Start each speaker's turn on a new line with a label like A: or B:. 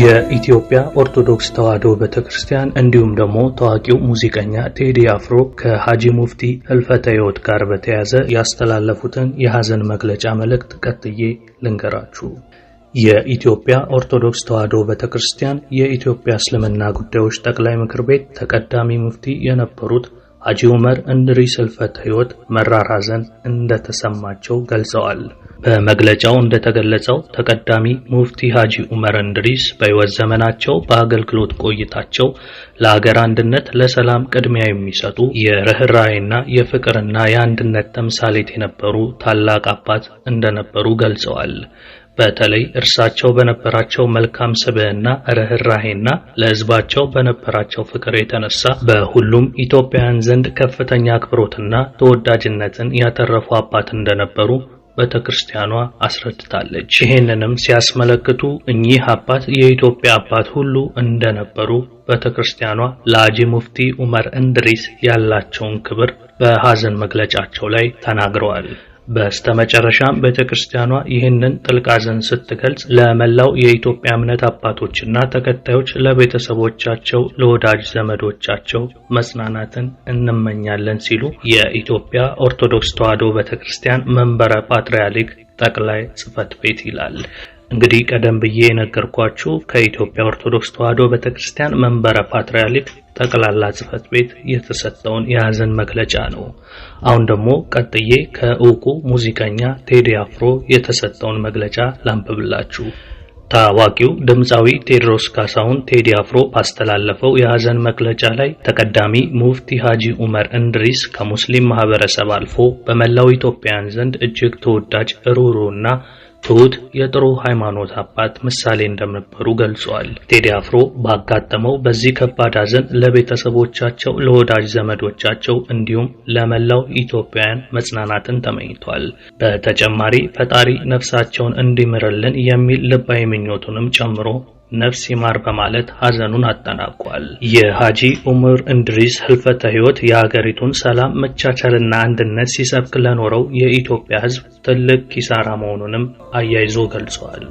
A: የኢትዮጵያ ኦርቶዶክስ ተዋሕዶ ቤተክርስቲያን እንዲሁም ደግሞ ታዋቂው ሙዚቀኛ ቴዲ አፍሮ ከሀጂ ሙፍቲ ህልፈተ ሕይወት ጋር በተያያዘ ያስተላለፉትን የሐዘን መግለጫ መልእክት ቀጥዬ ልንገራችሁ። የኢትዮጵያ ኦርቶዶክስ ተዋሕዶ ቤተክርስቲያን የኢትዮጵያ እስልምና ጉዳዮች ጠቅላይ ምክር ቤት ተቀዳሚ ሙፍቲ የነበሩት ሀጂ ዑመር እንድሪስ ህልፈተ ሕይወት መራር ሐዘን እንደተሰማቸው ገልጸዋል። በመግለጫው እንደተገለጸው ተቀዳሚ ሙፍቲ ሀጂ ዑመር እንድሪስ በሕይወት ዘመናቸው በአገልግሎት ቆይታቸው ለሀገር አንድነት፣ ለሰላም ቅድሚያ የሚሰጡ የርኅራኄና የፍቅርና የአንድነት ተምሳሌት የነበሩ ታላቅ አባት እንደነበሩ ገልጸዋል። በተለይ እርሳቸው በነበራቸው መልካም ስብዕና ርኅራኄና ለሕዝባቸው በነበራቸው ፍቅር የተነሳ በሁሉም ኢትዮጵያውያን ዘንድ ከፍተኛ አክብሮትና ተወዳጅነትን ያተረፉ አባት እንደነበሩ ቤተክርስቲያኗ አስረድታለች። ይህንንም ሲያስመለክቱ እኚህ አባት የኢትዮጵያ አባት ሁሉ እንደነበሩ ቤተክርስቲያኗ ለሐጂ ሙፍቲ ዑመር እንድሪስ ያላቸውን ክብር በሐዘን መግለጫቸው ላይ ተናግረዋል። በስተመጨረሻም ቤተ ክርስቲያኗ ይህንን ጥልቅ ሐዘን ስትገልጽ ለመላው የኢትዮጵያ እምነት አባቶችና ተከታዮች ለቤተሰቦቻቸው፣ ለወዳጅ ዘመዶቻቸው መጽናናትን እንመኛለን ሲሉ የኢትዮጵያ ኦርቶዶክስ ተዋሕዶ ቤተ ክርስቲያን መንበረ ፓትርያርክ ጠቅላይ ጽሕፈት ቤት ይላል። እንግዲህ ቀደም ብዬ የነገርኳችሁ ከኢትዮጵያ ኦርቶዶክስ ተዋሕዶ ቤተክርስቲያን መንበረ ፓትርያርክ ጠቅላላ ጽሕፈት ቤት የተሰጠውን የሐዘን መግለጫ ነው። አሁን ደግሞ ቀጥዬ ከእውቁ ሙዚቀኛ ቴዲ አፍሮ የተሰጠውን መግለጫ ላንብብላችሁ። ታዋቂው ድምፃዊ ቴዎድሮስ ካሳሁን ቴዲ አፍሮ ባስተላለፈው የሐዘን መግለጫ ላይ ተቀዳሚ ሙፍቲ ሐጂ ዑመር እንድሪስ ከሙስሊም ማህበረሰብ አልፎ በመላው ኢትዮጵያውያን ዘንድ እጅግ ተወዳጅ ሩሩና። ትሁት የጥሩ ሃይማኖት አባት ምሳሌ እንደነበሩ ገልጿል። ቴዲ አፍሮ ባጋጠመው በዚህ ከባድ አዘን ለቤተሰቦቻቸው፣ ለወዳጅ ዘመዶቻቸው እንዲሁም ለመላው ኢትዮጵያውያን መጽናናትን ተመኝቷል። በተጨማሪ ፈጣሪ ነፍሳቸውን እንዲምርልን የሚል ልባዊ ምኞቱንም ጨምሮ ነፍስ ይማር በማለት ሀዘኑን አጠናቋል። የሃጂ ኡመር እንድሪስ ህልፈተ ህይወት የሀገሪቱን ሰላም መቻቻልና አንድነት ሲሰብክ ለኖረው የኢትዮጵያ ህዝብ ትልቅ ኪሳራ መሆኑንም አያይዞ ገልጸዋል።